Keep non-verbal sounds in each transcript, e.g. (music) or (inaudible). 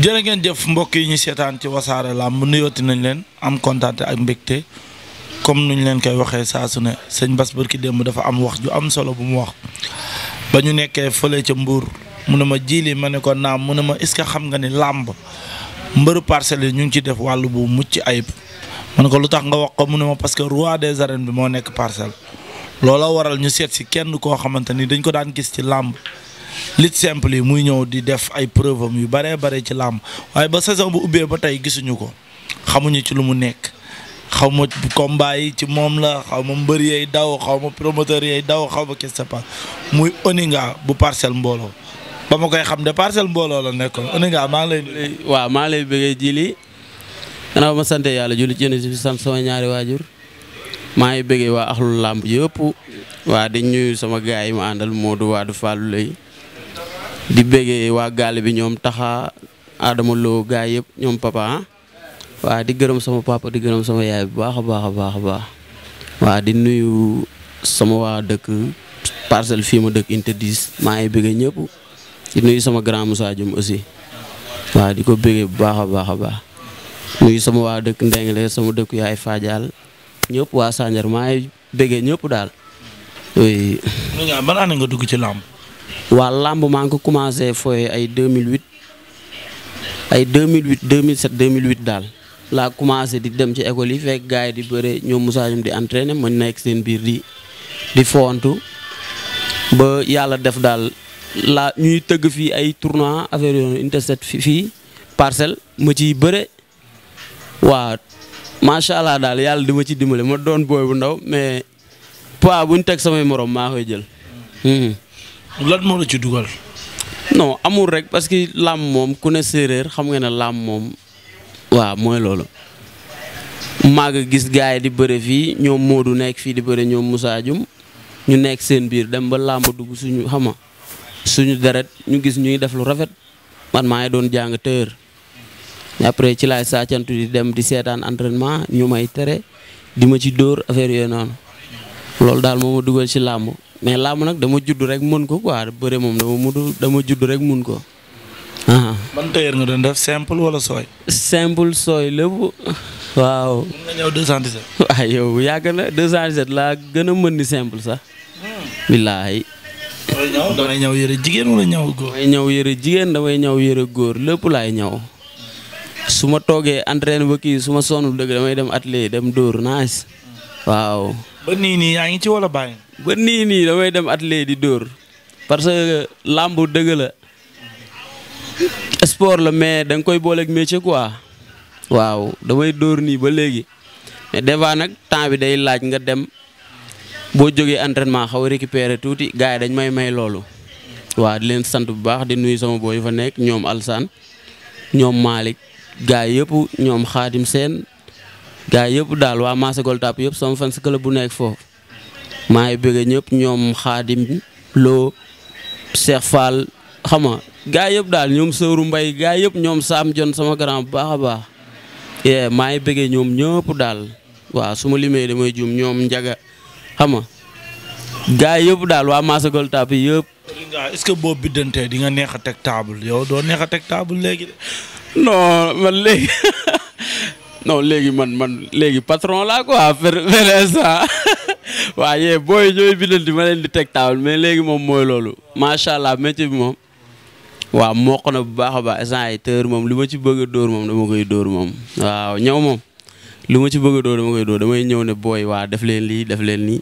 jërë ngeen jëf mbokk yi ñu seetaan ci wasaare làmb nuyooti nañ leen am kontaante ak mbégte comme nuñ leen koy waxee saa su ne sëñ Bas ki démb dafa am wax ju am solo bu mu wax ba ñu nekkee fële ca Mbour mu ne ma jiili ma ne ko naam mu ne ma est-ce que xam nga ni làmb mbëru parcelle yi ñu ngi ci def wàll bu mucc ayib ma ne ko lu tax nga wax ko mu ne ma parce que roi des arènes bi moo nekk parcelle looloo waral ñu seet si kenn koo xamante ni dañ ko daan gis ci làmb lit simple yi muy ñëw di def ay preuve am yu baree bare ci làmb waaye ba saison bu ubbee ba tey gisuñu ko xamuñu ci lu mu nekk xaw ma combat yi ci moom la xaw ma mbër yeey daw xaw ma promoteur yeey daw xaw ma qu'est-ce muy Oninga bu parcelle mbooloo ba ma koy xam de parcelle mbooloo la nekk Oninga maa ngi maa lay bëggee ji lii ba ma sant yàlla julli ci yéen sama ñaari waajur maa ngi bëggee waa axlu làmb yëpp waa di ñuy sama gaay yi ma àndal Modou Wade Fallou Leye di béggee waa gaale bi ñoom taxa Adama Lo gaa yëpp ñoom papa ah. waa di gërëm sama papa di gërëm sama yaay bu baax a baax a baax a baax waa di nuyu sama waa dëkk parcelle fii ma dëkk interdis maa ngi bëggee ñëpp di nuyu sama grand Moussa Diom aussi waa di ko bëggee bu baax a baax a baax nuyu sama waa dëkk Ndengale sama dëkk yaay faajaal ñëpp waa Sandiar maa ngi ñëpp daal oui. nga dugg ci làmb. waa làmb maa ngi ko commencé fooye ay 2008 ay 2008 2007 2008 daal laa commencé di dem ci école yi fekk gars yi di bëre ñoo Moussa Dioum di entraîner ma nekk seen biir di di foontu ba yàlla def daal laa ñuy tëgg fii ay tournoi affaire yoonu interset fii parcelle ma ciy bëre waa macha allah daal yàlla di ma ci dimbale ma doon booy bu ndaw mais poids bu ñu teg samay morom maa koy jël. Hmm. lan moo la ci dugal. non amul rek parce que làmb moom ku ne séeréer xam nga ne moom waaw mooy loolu. màgg gis gars yi di bëre fii ñoom du nekk fii di bëre ñoom Moussa Dioum ñu nekk seen biir dem ba làmb dugg suñu xama suñu deret ñu gis ñuy def lu rafet man maa ngi doon jàng tër après ci laay saacantu di dem di seetaan entraînement ñu may tere di ma ci dóor affaire yooyu noonu. loolu daal moo ma dugal ci làmb mais làmb nag dama judd rek mun ko quoi bëre moom dama mudd dama judd rek mun ko. Ah. ban tailleur doon def simple wala sooy. simple sooy lépp waaw. mun nga yàgg na 217 laa gën a mën ni simple sax. billaahi. damay ñëw yëre jigéen wala ñëw góor. damay ñëw yëre jigéen damay ñaw yëre góor lépp laay ñaw su ma toogee entraîné ba kii su ma sonnul dëgg damay dem atelier dem dóor naas waaw. ba nii nii yaa ngi ci wala bàyyi. ba nii nii damay dem atelier di dóor parce que làmb dëgg la sport la mais da nga koy booleek métier quoi waaw damay dóor nii ba léegi mais des fois nag temps bi day laaj nga dem boo jógee entraînement xaw a tuuti gars yi dañ may may loolu. waa di leen sant bu baax di nuyu sama booy yu fa nekk ñoom Alsaan ñoom Malick gars yëpp ñoom Xaadim Seen gaa yëpp daal waa Massé Gueule Tapée yëpp sama fan si club bu nekk foofu maa ngi bëgg ñëpp ñoom Xaadim loo Cheikh Fall xam nga gaa yëpp daal ñoom Sëru Mbay gaa yëpp ñoom saam Jon sama grand bu baax a baax yee maa ngi bëggee ñoom ñëpp daal waaw su ma limee damay juum ñoom Njaga xama nga gaa yëpp daal waa Massé Gueule Tapée yëpp. est-ce que di nga neex a teg table yow doo neex a teg table léegi de. non man léegi. (laughs) non léegi man man léegi patron laa quoi affaire ça waa yee booy ñooy bindanti ma leen di teg taabal mais léegi moom mooy loolu macha allah métier bi moom waaw mokk na bu baax a baax instant yi tër moom li ma ci bëgg a dóor moom dama koy dóor moom waaw ñëw moom li ma ci bëgg door dóor ma koy dóor damay ñëw ne booy waa def leen lii def leen nii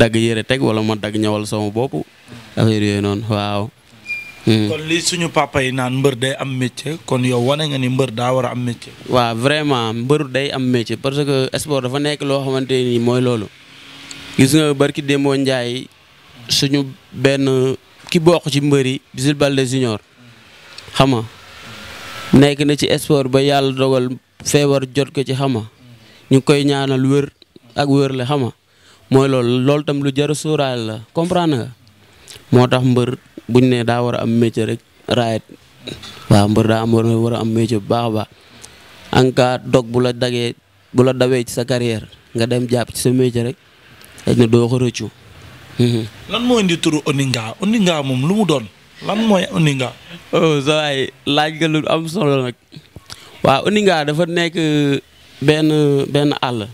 dagg yére teg wala ma dagg ñëwal sama bopp affaire yooyu noonu waaw. Hmm. kon li suñu papa yi naan mbër day am métier kon yow wane nga ni mbër daa war a am métier. waa vraiment mbër day am métier parce que sport dafa nekk loo xamante ni mooy loolu. gis nga barki Demba Ndiaye suñu benn ki bokk ci mbër yi Bisil Balde Junior xam nga nekk na ci sport ba yàlla dogal feebar jot ko ci xama ñu koy ñaanal wér ak wér la xama mooy loolu loolu tam lu jar a sóoraale la comprendre nga moo tax mbër. buñ ne daa war a am métier rek raayet waaw mbër daa am war a am métier bu baax a baax en cas dog bu la dagee bu la dawee ci sa carrière nga dem jàpp ci sa métier rek dañ ne doo ko rëccu. Mhm. lan moom lu mu doon lan mooy Oninga. Oh, sa waay am solo nag waaw Oninga dafa nekk euh, benn benn àll.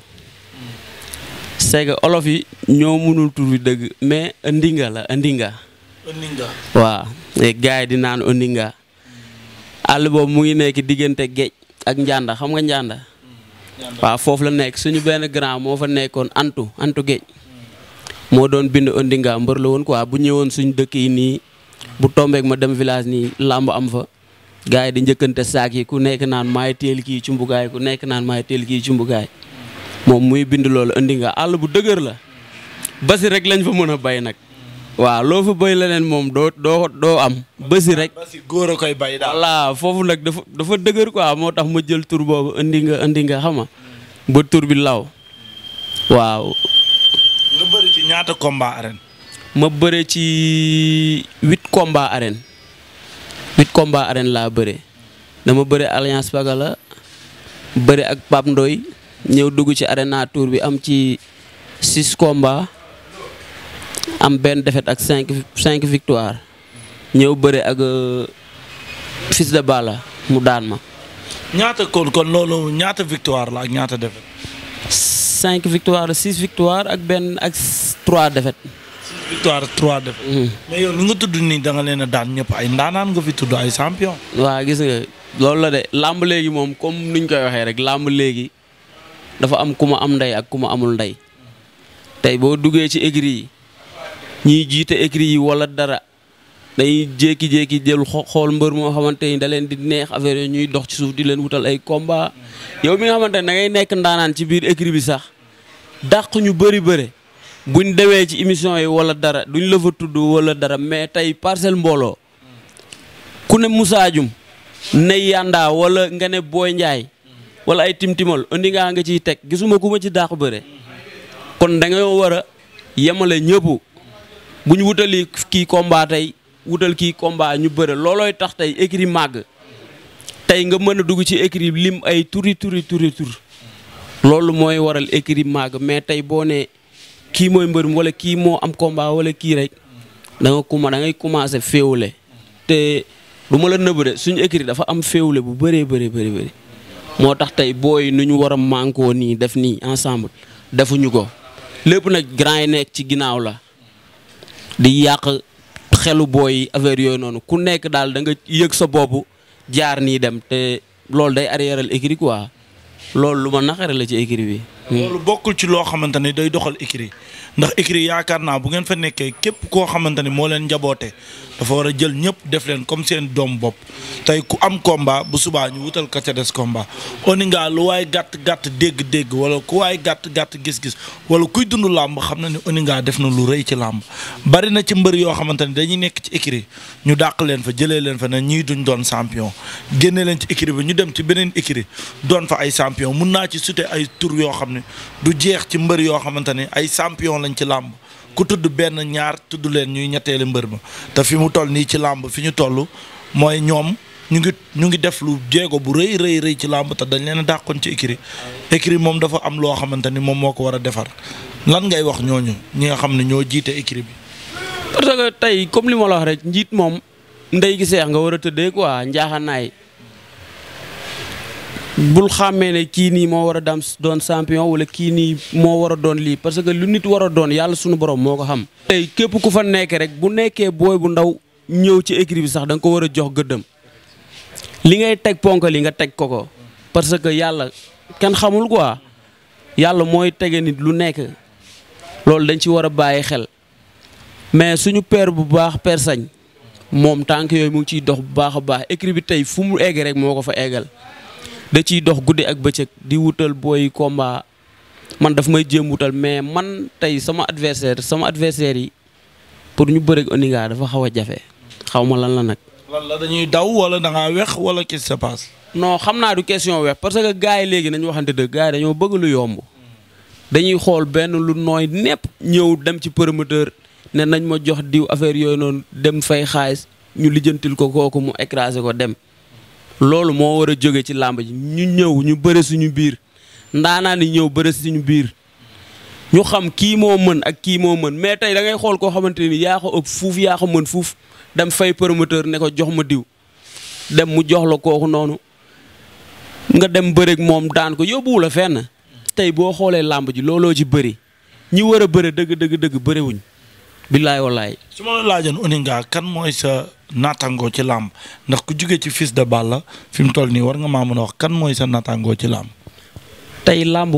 c'est que olof yi ñoo mënul tur bi dëgg mais ndinga la ndinga. waa gars yi di naan Oninga àll boobu mu ngi nekk diggante géej ak njanda xam nga njanda waaw foofu la nekk suñu benn grand moo fa nekkoon antu antu géej moo doon bind Ondinga mbër la woon quoi bu ñëwoon suñ dëkk yi nii bu tombeek ma dem village nii làmb am fa gars yi di njëkkante saak ku nekk naan maay teel kii ci ku nekk naan maay teel kii ci moom muy bind loolu Ondinga àll bu dëgër la basi rek lañ fa mën a bay nag waaw loo fa béy leneen moom doo doo doo am bësi rek. bësi góor a koy bay daal. foofu nag dafa dafa dëgër quoi moo tax ma jël tur boobu indi nga indi nga xama ba tur bi law. waaw. ci ñaata combat arène. ma bëre ci huit combat arène huit combat arène laa bëre dama bëre alliance Pagala bëre ak Pape ndoy ñëw dugg ci arène naa tour bi am ci six combat am benn défaite ak cinq cinq victoire ñëw bëre ak euh, fils de Balla mu daan ma. ñaata kon kon loolu ñaata victoire la ak ñaata défaite. cinq victoire six victoire ak benn ak trois défaite. six trois défaite. Mm. mais yow li nga tudd nii da nga leen daan ñëpp ay ndaanaan nga fi tudd ay champion. waaw gis nga loolu la de làmb léegi moom comme nuñ koy waxee rek làmb léegi dafa am ku ma am ndey ak ku ma amul ndey tey boo duggee ci écurie ñiy jiite écrit yi wala dara dañuy jékki-jékki jël xool mbër moo xamante ni da leen di neex affaire yooyu ñuy dox ci suuf di leen wutal ay combat yow mi nga xamante ne da ngay nekk ndaanaan ci biir écrit bi sax dàq ñu bëri bëri buñ demee ci émission yi wala dara duñ la fa tudd wala dara mais tey parcelle mbooloo ku ne Moussa Dioum ne Yanda wala nga ne Boy Ndiaye wala ay timtimal indi ngaa nga ciy teg gisuma ku ma ci dàq bëre kon da nga war a yemale ñëpp. bu ñu wutali kii combat tey wutal kii combat ñu bëre loolooy tax tey écrit màgg tey nga mën a dugg ci écrit lim ay turi turi turi loolu mooy waral écrit màgg mais tey boo nee kii mooy mbërum wala kii moo am combat wala kii rek da nga kuma da ngay commencé féewule te du ma la nëbb de suñu écrit dafa am féewule bu bëree bëri bëri moo tax tey booy nu ñu war a mànkoo nii def nii ensemble defuñu ko lépp nag grand yi nekk ci ginnaaw la. di yàq xelu booy affaire yooyu noonu ku nekk daal da nga yëg sa bopp jaar nii dem te loolu day arriéral écrit quoi loolu lu ma naqare la ci écrit bi. loolu bokkul ci loo xamante ne day doxal écrit ndax écrit yaakaar naa bu ngeen fa nekkee képp koo xamante ni moo leen njaboote dafa war a jël ñëpp def leen comme seen doom bopp tey ku am combat bu subaa ñu wutal ka ca des combat Oninga lu waaye gàtt gàtt dégg-dégg wala ku waaye gàtt gàtt gis-gis wala kuy dund làmb xam na ni Oninga def na lu rëy ci làmb bari na ci mbër yoo xamante ni dañuy nekk ci écrit ñu dàq leen fa jëlee leen fa ne ñii duñ doon sampion génne leen ci écrit bi ñu dem ci beneen écrit doon fa ay champion mun naa ci sute ay tur yoo xam ne du jeex ci mbër yoo xamante ni ay champion lañ ci làmb ku tudd benn ñaar tudd leen ñuy ñetteeli mbër ma te fi mu toll nii ci làmb fi ñu toll mooy ñoom ñu ngi ñu ngi def lu jéego bu rëy rëy rëy ci làmb te dañ leen a dàqoon ci écrit écrit moom dafa am loo xamante ni moom moo ko war a defar lan ngay wax ñooñu ñi nga xam ne ñoo jiite écrit bi. parce que tey comme li ma la wax rek njiit moom ndey gi seex nga war a tëddee waa njaaxanaay bul xàmmee ne kii nii moo war a dam doon champion wala kii nii moo war a doon lii parce que lu nit war a doon yàlla suñu borom moo ko xam. tey képp ku fa nekk rek bu nekkee booy bu ndaw ñëw ci écurie bi sax da nga ko war a jox gëddëm li ngay teg ponk li nga teg ko ko parce que yàlla kenn xamul quoi yàlla mooy tege nit lu nekk loolu dañ ci war a bàyyi xel mais suñu père bu baax père sañ moom tànk yooyu mu ngi ciy dox bu baax a baax écurie bi tey fu mu egg rek moo ko fa eggal. da ciy dox guddi ak bëccëg di wutal booy combat man daf may jéem wutal mais man tey sama adversaire sama adversaire yi pour ñu bëreeg Oninga dafa xaw a jafe xaw ma lan la nag. lan dañuy daw wala da ngaa wex wala qu'est-ce qui xam naa du question wex parce que gars yi léegi nañu waxante dëgg gars dañoo bëgg lu yomb. dañuy xool benn lu nooy népp ñëw dem ci promoteur ne nañ ma jox diw affaire yooyu noonu dem fay xaalis ñu lijjantil ko kooku mu écrasé ko dem. loolu moo war a jóge ci làmb ji ñu ñëw ñu bëre suñu biir ndaanaa ni ñëw bëre suñu biir ñu xam kii moo mën ak kii moo mën mais tey da ngay xool koo xamante ni yaa ko ëpp fuuf yaa ko mën fuuf dem fay promoteur ne ko jox ma diw dem mu jox la kooku noonu nga dem bëreeg moom daan ko yóbbuwul la fenn tey boo xoolee làmb ji looloo ci bëri ñi war a bëre dëgg dëgg dëgg bëriwuñ billaay wallaay. su ma la laajoon Oninga kan mooy sa naataangoo ci làmb ndax ku jugee ci fis de Balla fi mu toll nii war nga maa mën wax kan mooy sa naataangoo ci làmb. tey làmb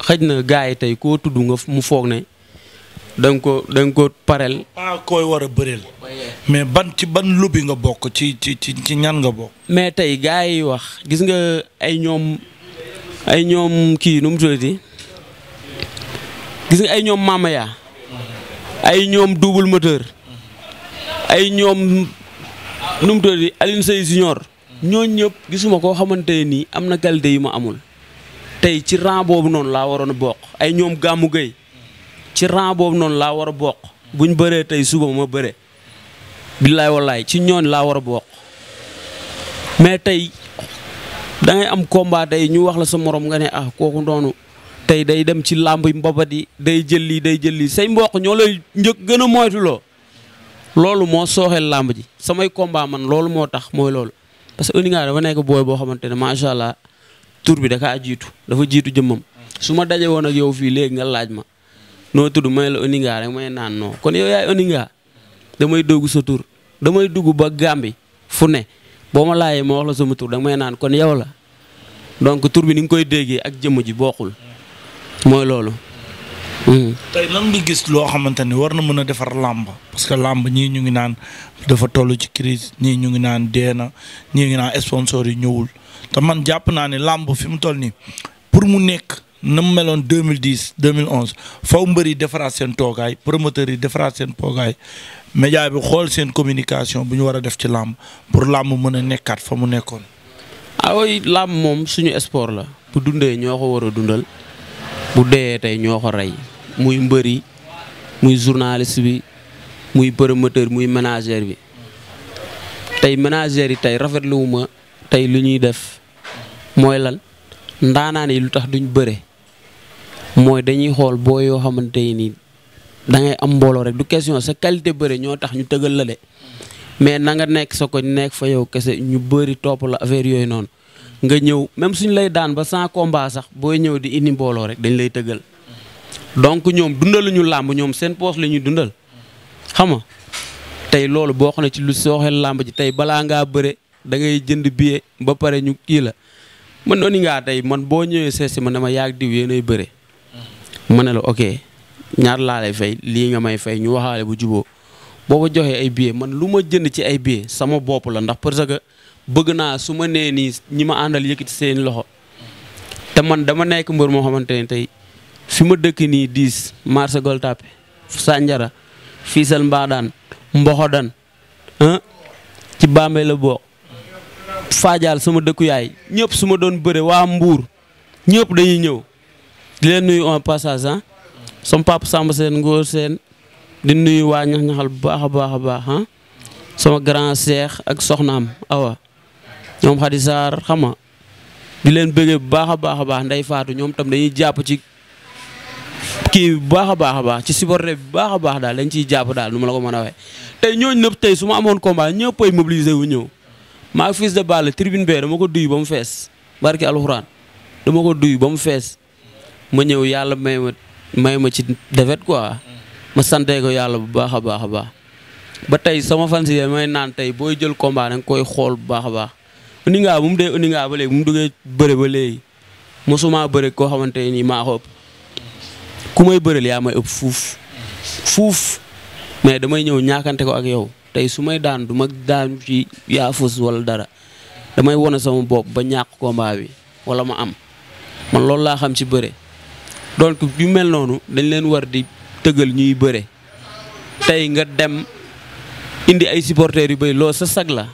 xëj na gars yi tey koo tudd nga mu foog ne da ko da ko pareel. ah koy war a bëreel. mais ban ci ban lubbi nga bokk ci ci ci ci ñan nga bokk. mais tey gars yi wax gis nga ay ñoom ay ñoom kii nu mu tuddati gis nga ay ñoom Mamaya. ay ñoom double moteur ay ñoom nu mu tudd Alioune Seye ñooñ ñëpp gisuma koo xamante ne nii am na qualité yi ma amul tey ci rang boobu noonu laa waroon a ay ñoom gàmmu gay ci rang boobu noonu laa war a bokk buñ bëree tey suba ma bëre billaay wallaay ci ñooñ laa war a bokk mais tey da am combat tey ñu wax la sa moroom nga ne ah kooku noonu tey day dem ci làmb yi mbabat yi day jël lii day jël lii say mbokk ñoo lay njëkk gën a moytuloo loolu moo sooxeel làmb ji samay combat man loolu moo tax mooy loolu parce que Euninga dafa nekk booy boo xamante ne macha allah tur bi da jiitu dafa jiitu jëmmam su ma daje woon ak yow fii léegi nga laaj ma noo tudd may la Euninga rek may naan noo kon yow yaay damay dugg sa tur damay dugg ba Gàmbi fu ne boo ma laajee moo wax la sama tur da may naan kon yow la donc tur bi ni nga koy déggee ak jëmm ji bokkul. mooy loolu. Hmm. tey lan nga gis loo xamante ni war na mën a defar làmb parce que làmb ñii ñu ngi naan dafa toll ci crise ñii ñu ngi naan dee na ñii ngi naan sponsor yi ñëwul te man jàpp naa ne làmb fi mu toll nii pour mu nekk na mu meloon 2010 2011 faw mbër yi defaraat seen toogaay promoteurs yi defaraat seen toogaay média bi xool seen communication bu ñu war a def ci làmb pour làmb mën a nekkaat fa mu nekkoon. awooy ah làmb moom suñu sport la bu dundee ñoo ko war a dundal. bu deyee tey ñoo ko rey muy mbëri muy journaliste bi muy promoteur muy manager bi tey manager yi tey rafetluwuma tey lu ñuy def mooy lan ndaanaan yi lu tax duñ bëre mooy dañuy xool boo yoo xamante ni da ngay am mbooloo rek du question sa qualité bëre ñoo tax ñu tëgal la de mais na nga nekk sa ko nekk fa yow kese ñu bëri topp la affaire yooyu noonu nga ñëw même suñ lay daan ba sans combat sax booy ñëw di ini mbooloo rek dañ lay tëggal donc ñoom dundal dundaluñu làmb ñoom seen poos la ñuy dundal xam nga tey loolu boo xam ne ci lu sooxeel làmb ji tey balaa ngaa bëre da jënd billet ba pare ñu kii la man oni ngaa tey man boo ñëwee seesi ma dama yaag diw yéenay bëre ne la ok ñaar laa lay fay lii nga may fay ñu waxaale bu juboo boo ma joxee ay billet man lu ma jënd ci ay billet sama bopp la ndax parce bëgg naa su ma nee nii ñi ma àndal yëkkati seen loxo te man dama nekk mbër moo xamante ne tey fi ma dëkk nii diis marché Gueule-Tapée Sandiara Fissel Mbadane Mboxodan ah, ci Bambey la bokk Fadial sama dëkkuyaay ñëpp su ma doon bëre waa Mbour ñëpp dañuy ñëw di leen nuyu en passage ah sama papa Samba Seen Ngóor Seen di nuyu waa ñax-ñaxal bu baax baax a baax ah sama grand seex ak soxnaam awa ñoom Khady Sarr xam nga di leen bëggee bu baax baax baax nday faatu ñoom tam dañuy jàpp ci kii bu baax a baax a baax ci supporter bi baax a baax daal dañ ciy jàpp daal nu ma la ko mën a waxee tey ñooñu nëpp tey su ma amoon combat ñëppay mobilisé wu ñëw maa fils de balle tribune bee dama ko duy ba mu fees barki alxuraan dama ko duy ba mu fees ma ñëw yàlla may ma may ma ci defet quoi ma santee ko yàlla bu baax a baax a ba tey sama fan si may naan tey booy jël combat da nga koy xool bu a baax Oninga bu mu dee Oninga ba léegi mu duggee bëre ba léegi mosuma bëre koo xamante nii maa ko ku may bëreel yaa may ëpp fuuf fuuf mais damay ñëw ñaakante ko ak yow tey su may daan du ma daan ci yaa fus wala dara damay wone sama bopp ba ñàkk combat bi wala ma am man loolu laa xam ci bëre donc yu mel noonu dañ leen war di tëggal ñuy bëre tey nga dem indi ay supporters yu bëri lool sa sag la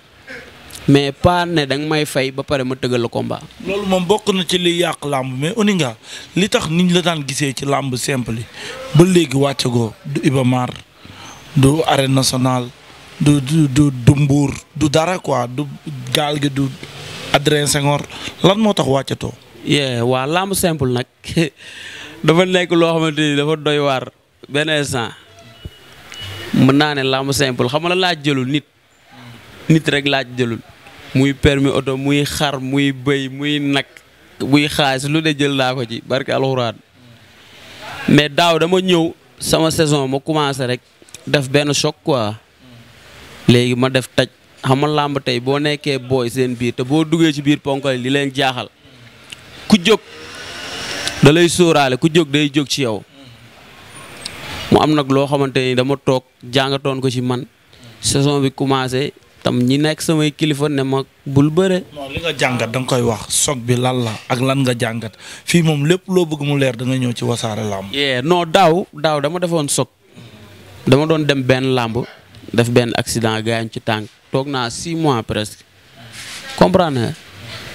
mais pas ne danga nga may fay ba pare ma tëggal la combat. loolu moom mbokk na ci liy yàq làmb mais Oninga li tax niñ la daan gisee ci làmb simple yi ba léegi wàccagoo du Ibamar du arène nationale du du du du Mbour du dara quoi du gaal gi du Adrien Senghor lan moo tax wàccatoo. yee waa làmb simple nag (laughs) dafa nekk loo dafa doy waar benn instant mën naa ne làmb simple xam ma la laaj jëlul nit nit rek laaj jëlul muy permis oto muy xar muy bëy muy nag muy xaalis lu de jël naa ko ci barke alxuraan mais daaw dama ñëw sama saison ma commencé rek def benn choc quoi léegi ma def taj xam nga làmb tey boo nekkee booy seen biir te boo duggee ci biir ponkal li leen jaaxal ku jóg dalay lay sóoraale ku jóg day jóg ci yow mu am nag loo xamante ni dama toog jàngatoon ko ci man saison bi commencé tam ñi nekk samay kilifa ne ma bul bëre. non li nga jàngat da koy wax sook bi lan la ak lan nga jàngat fii moom lépp loo bëgg mu leer da ñëw ci wasaare làmb. yee non daaw daaw dama defoon soog dama doon dem benn làmb def benn accident gaañ ci tànk toog naa six mois presque comprendre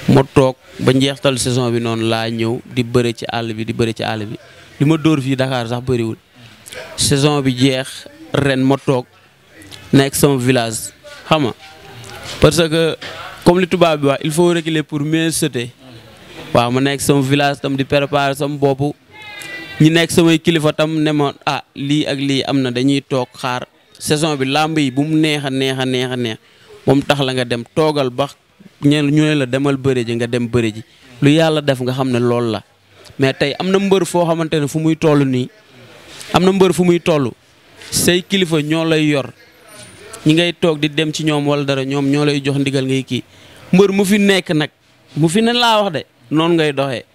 nga ma toog ba njeextal saison bi noonu laa ñëw di bëre ci àll bi di bëre ci àll bi li ma dóor fii Dakar sax bëriwul saison bi jeex ren ma toog nekk sama village. xam nga parce que comme li tubaab bi wax il faut reculer pour mieux sauter waaw ma nekk sama village tam di préparer sama bopp ñi nekk samay kilifa tam ne ma ah lii ak lii am na dañuy toog xaar saison bi làmb yi bu mu neex a neex a neex a neex ba mu tax la nga dem toogal ba ñeel ñu ne la demal bëre ji nga dem bëre ji lu yàlla def nga xam ne loolu la mais tey am na mbër foo xamante ne fu muy toll nii am na mbër fu muy toll say kilifa ñoo lay yor ñi ngay toog di dem ci ñoom wala dara ñoom ñoo lay jox ndigal ngay kii mbër mu fi nekk nag mu fi ne laa wax de noon ngay doxe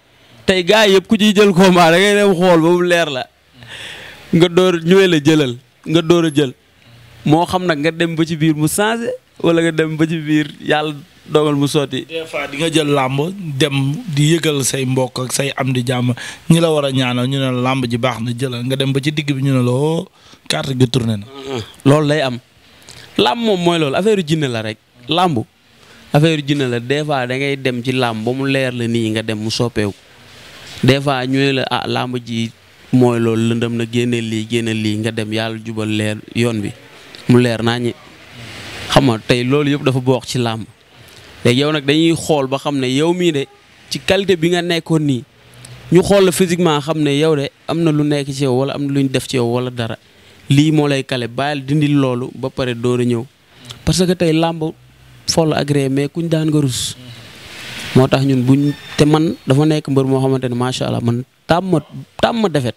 tey gars yëpp ku ciy jël combat da ngay dem xool ba leer la nga door ñëwee la jëlal nga door a jël moo xam nag nga dem ba ci biir mu changé wala nga dem ba ci biir yàlla dogal mu sotti. des di nga jël làmb dem di yëgal say mbokk ak say am di jàmm ñi la war a ñaanal ñu ne làmb ji baax na jëlal nga dem ba ci digg bi ñu ne la oo oh, carte gi tourné na. Uh-huh. loolu lay am. làmb moom mooy loolu affaire jinne la rek làmb affaire jinne la des fois da ngay dem ci làmb ba mu leer la nii nga dem mu soppeeku des fois ñu la ah làmb ji mooy loolu lëndam na génne lii génne lii nga dem yàlla jubal leer yoon bi mu leer naa ñi xam nga tey loolu yëpp dafa bokk ci làmb léegi yow nag dañuy xool ba xam ne yow mii de ci qualité bi nga nekkoon nii ñu xool la physiquement xam ne yow de am na lu nekk ci yow wala am na lu def ci yow wala dara lii moo lay kale bàyyil dindil loolu ba pare door a ñëw parce que tey làmb foll agréé mais kuñ daan nga rus moo tax ñun buñ te man dafa nekk mbër moo xamante ne macha allah man tàmm ma tàmm defet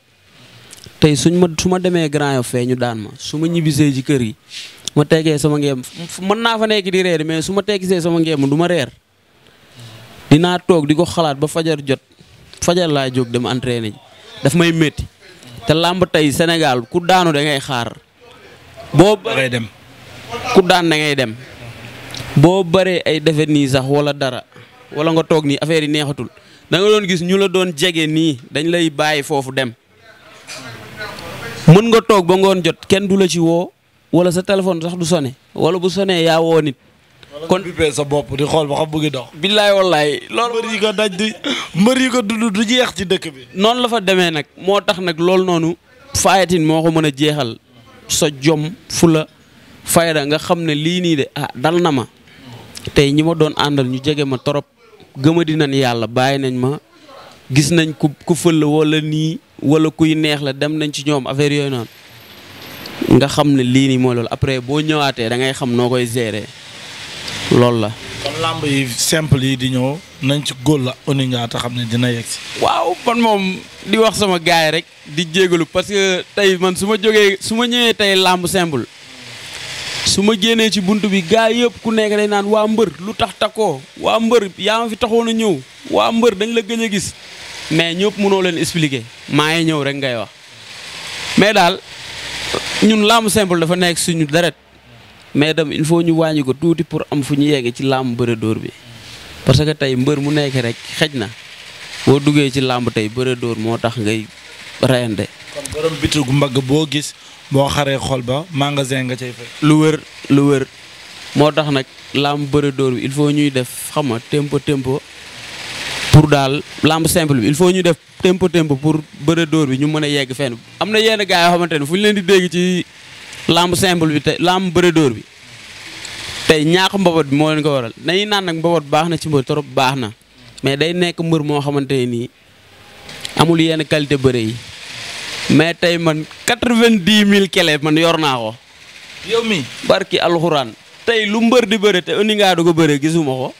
tey suñ ma su ma demee Grand Yoff fee ñu daan ma su ma ñibbisee ci kër yi ma tegee sama ngeem mën naa fa nekk di reer mais su ma tegisee sama ngeem du ma reer dinaa toog di ko xalaat ba fajar jot fajar laa jóg dem entraîné ji daf may métti. te làmb tey senegal ku daanu dangay xaar. boo bëree dem ku daan da ngay dem. boo bëree ay defe nii sax wala dara wala nga toog nii affaire yi neexatul danga nga doon gis ñu la doon jege nii dañ lay bàyyi foofu dem. mën nga toog ba ngoon jot kenn du la ci woo wala sa téléphone sax du sone wala bu sonee yaa woo nit. kon bippee sa bopp di xool ba xam bëgg dox. billaay wallaay loolu mbër rii ko daj di mbër yi ko dund du jeex ci dëkk bi. noonu la fa demee nag moo tax nag loolu noonu. fayatin moo ko mën a jeexal sa jom fula fayda nga xam ne lii nii de ah dal na ma tey ñi ma doon àndal ñu jege ma torop gëma yàlla bàyyi nañ ma gis nañ ku ku fël nii wala kuy neex la dem nañ ci ñoom affaire yooyu noonu nga xam ne lii nii mooy loolu après boo ñëwaatee da ngay xam noo koy gérer. loolu la. làmb yi simple yi di ñëw nañ ci góor la oninga te xam ne dina yegg si. waaw man moom di wax sama gaay rek di jégalu parce que tey man su ma jógee su ma ñëwee tey làmb simple su ma génnee ci bunt bi gars yëpp ku nekk day naan waa mbër lu tax takkoo waa mbër yaa ma fi taxoon a ñëw waa mbër dañ la gëj a gis mais ñëpp mënoo leen expliquer maa ngi ñëw rek ngay wax mais daal ñun làmb simple dafa nekk suñu deret mais dem il faut ñu wàññi ko tuuti pour am fu ñu yeggee ci làmb bëre dóor bi parce que tey mbër mu nekk rek xej na boo duggee ci làmb tey bëre dóor moo tax ngay reyande. kon mbagg boo gis boo xaree xol ba magasin nga cay lu wër lu wër moo tax nag làmb bëre dóor bi il faut ñuy def xam nga tempo tempo pour daal làmb simple bi il faut ñu def tempo tempo pour bëre dóor bi ñu mën a yegg fenn am na yenn gars yoo fu ñu leen di dégg ci. lamb simple bi tey lamb bëre bi tey ñaax mbabat bi moo leen ko waral dañuy naan nag mbabat baax na ci mbër trop baax na mais day nekk mbër moo xamante ne nii amul yenn qualité bëre yi mais tey man quatre-vingt-dix mille kele man yor naa ko. yow mi barki alxuraan tey lu mbër di bëre te indi ngaa du ko bëre gisuma ko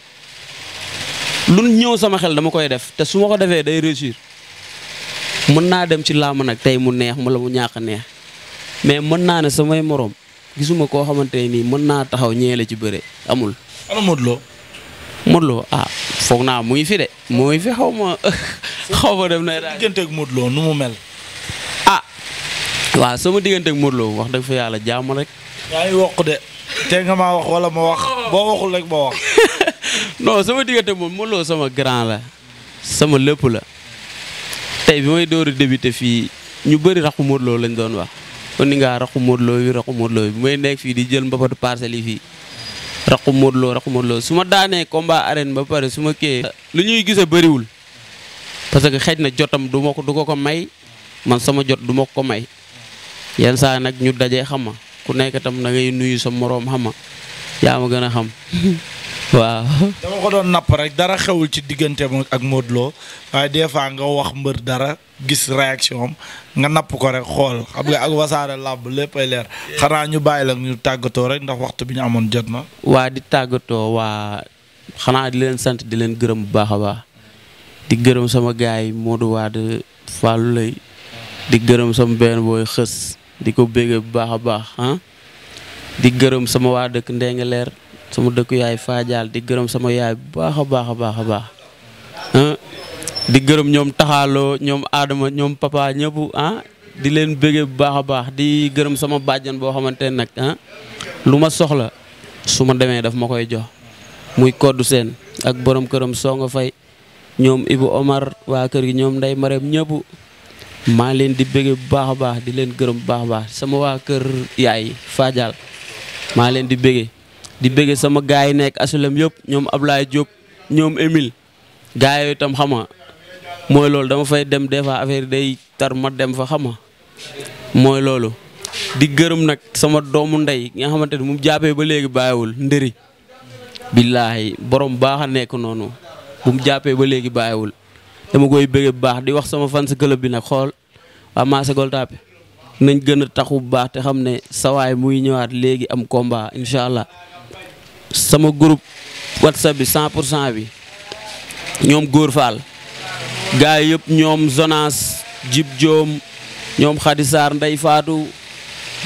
lu ñëw sama xel dama koy def te su ma ko defee day réussir mën naa dem ci làmb nag tey mu neex mu la mu ñàkk neex. mais mën naa ne samay moroom gisuma koo xamante nii mën naa taxaw la ci bëre amul. ana Modou Lo. Modou ah foog naa mu ngi fi de mu fi xaw ma (laughs) xaw ma dem na. diggante ak nu mu mel. ah waaw sama diggante ak wax dëgg fa yàlla jàmm rek. yaa wala ma wax boo (laughs) sama diggante moom Modou sama grand la sama lëpp la tey bi may door a fii ñu bari raxu Modou Lo lañ doon wax. indi ngaa raqu Modou Lo bi raqu Modou nekk fii di jël mbapatu parcelles yi fii raqu Modou Lo raqu su ma daanee combat arène ba pare su ma kee lu ñuy gisee bariwul parce que xëj na jot jotam du ma ko du ko ko may man sama jot du ma ko ko may yenn saa nag ñu daje xam ma ku nekk tam da ngay nuyu sa moroom xam ma yaa ma gën a xam (laughs) waaw. dama ko doon napp rek dara xewul ci diggante ak Modou Lo waaye des fois nga wax mbër dara gis réaction am nga napp ko rek xool xam nga ak wasaare làmb léppay leer xanaa ñu bàyyi la ñu tàggatoo rek ndax waxtu bi ñu amoon jot na. waa di tàggatoo waa xanaa di leen sant di leen gërëm bu baax a baax di gërëm sama gaay yi Modou Wade Fallou lay di gërëm sama benn booy xës di ko béggee bu baax a baax ah di gërëm sama waa dëkk leer sama dëkku yaay faajaal di gërëm sama yaay bu baax a baax a baax a baax ah, di gërëm ñoom taxaaloo ñoom aadama ñoom papa ñëpp ah di leen bëggee bu baax a baax di gërëm sama bàjjan boo xamante ne nag ah lu ma soxla su ma demee daf ma koy jox muy koddu seen ak borom këram Songa Fay ñoom Ibu Omar waa kër gi ñoom nday Marème ñëpp maa leen di bëggee bu baax a baax di leen gërëm bu baax a baax sama waa kër yaay faajaal maa leen di bëggee di bëggee sama gars yi nekk asilem yëpp ñoom Ablaye Diop ñoom Émile gars yooyu itam xam mooy loolu dama fay dem des fois affaire day tar ma dem fa xam nga mooy loolu. di gërëm nag sama doomu ndey nga xamante ni mu jàppee ba léegi bàyyiwul ndëri billaahi borom baax a nekk noonu bu mu jàppee ba léegi bàyyiwul dama koy bëggee bu baax di wax sama fans club bi nag xool waa Massé Gueule Tapée nañ gën taxu bu baax te xam ne sawaay muy ñëwaat léegi am combat incha allah. sama groupe whatsapp bi 100 pour cent bi ñoom Góor Fall gars yi yëpp ñoom Zonas Jib Joom ñoom Khady Sarr Ndeye Fatou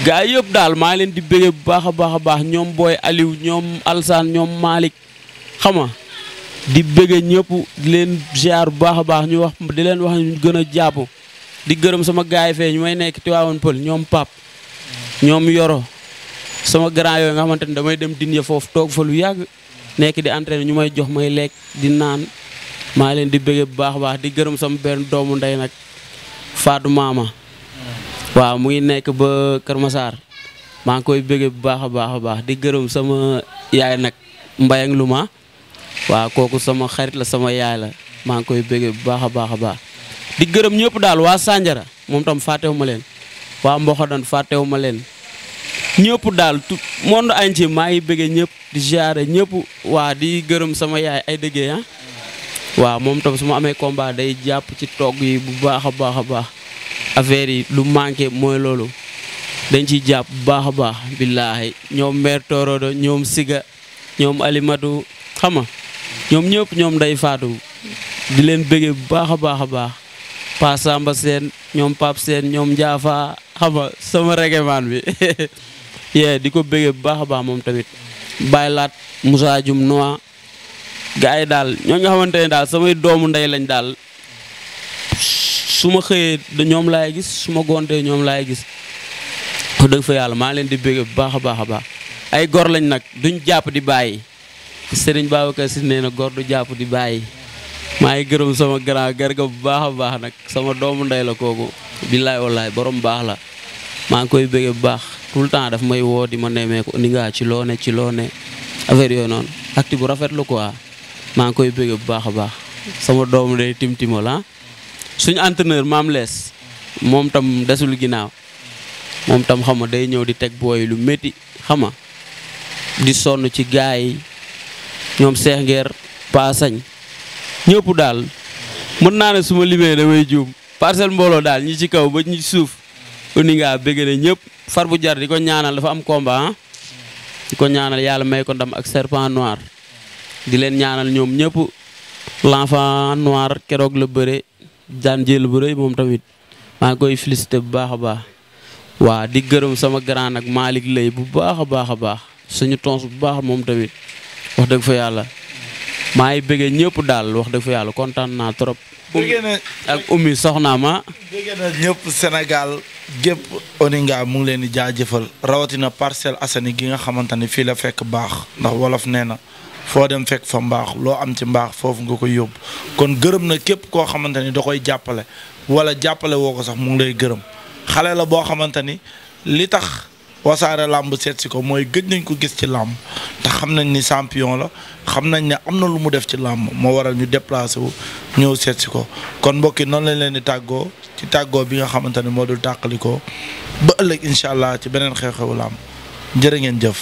gars yëpp daal maa leen di bége bu baax a baax a baax ñoom booy aliw ñoom Alsaan ñoom maalik xam di bége ñëpp di leen ziar bu baax a baax ñu wax di leen wax ñu gën a jàpp di gërëm sama gaay fee ñu may nekk Tivaouane Peulh ñoom Pape ñoom Yoro sama grand yooyu nga xamante ni damay dem din ya foofu toog fa lu yàgg nekk di entraîné ñu may jox may lekk di naan maa leen di bëggee bu baax baax di gërëm sama benn doomu ndey nag Fatou Mama waaw mu ngi nekk ba Kër Massar maa ngi koy bëggee bu baax a baax a baax di gërëm sama yaay nag Mbaye ak Luma waaw kooku sama xarit la sama yaay la maa ngi koy bëggee bu baax a baax a baax di gërëm ñëpp daal waa Sandiara moom tam fàttewu ma leen waa Mboxodan fàttewu ma leen ñëpp daal tout monde entier maa ngi bëggee ñëpp di jaare ñëpp waa di gërëm sama yaay ay dëggee ah waaw moom tam su ma amee combat day jàpp ci togg yi bu baax a baax a baax affaire yi lu manqué mooy loolu dañ ciy jàpp bu baax a baax billaahi ñoom mère Torodo ñoom Siga ñoom Alimatu xam nga ñoom ñëpp ñoom day faatu di leen bëggee bu baax a baax a baax Pa Samba Seen ñoom Pape Seen ñoom Njaafa xam sama réglement bi (laughs) yee di ko bëggee bu baax a baax moom tamit bàyyi laat Moussa Dioum Noa gars yi daal ñoo nga xamante ne daal samay doomu ndey lañ daal su ma xëyee ñoom laay gis su ma gontee ñoom laay gis ko dëgg fa yàlla maa leen di bëggee bu baax a baax a baax ay gor lañ nag duñ jàpp di bàyyi Sëriñ Babacar Si nee na gor du jàpp di bàyyi maa ngi gërëm sama grand garga bu baax a baax nag sama doomu ndey la kooku billaay wallaay borom baax la maa ngi koy bëggee bu baax tout le temps daf may woo di ma nemmeeku ni nga ci loo ne ci loo ne affaire yooyu noonu acte bu rafet la quoi maa ngi koy bëggee bu baax a baax sama doomu day timtimal ah suñu entraîneur maam lees moom tam desul ginnaaw moom tam xam day ñëw di teg booy lu métti xam di sonn ci gaa yi ñoom Cheikh Nguer Paasañ ñëpp daal mën naa ne su ma limee damay juum parcelle mbooloo daal ñi ci kaw ba ñi suuf. uninga bëgg na ñëpp far bu jar di ko ñaanal dafa am combat ah. di ko ñaanal yàlla may ko ndam ak serpent noir di leen ñaanal ñoom ñëpp l'enfant noir keroog la bëre daan jël bu rëy moom tamit maa ngi koy félicité bu baax a baax waa di gërëm sama grand ak Malick lay bu baax a baax a baax suñu tons bu baax moom tamit wax dëgg fa yàlla maa ngi bëggee ñëpp daal wax dëgg fa yàlla kontaan naa trop. ak ummi soxna ma. bëgg na gépp oninga mu ngi leen di jëfal rawatina Parcelles Assainies gi nga xamante ni fii la fekk baax ndax wolof nee na foo dem fekk fa mbaax loo am ci mbaax foofu nga ko yóbb kon gërëm na képp koo xamante ni da koy jàppale wala jàppale woo ko sax mu ngi lay gërëm xale la boo xamante li tax wasaare làmb seetsi ko mooy gëj nañ ko gis ci làmb te xam nañ ni champion la xam nañ ne am na lu mu def ci làmb moo waral ñu déplacé wu ñëw seetsi ko kon mbokki noonu lañ leen di tàggoo ci tàggoo bi nga xamante ne moo dul tàqalikoo ba ëllëg incha allah ci beneen xew-xewu làmb jërë ngeen jëf.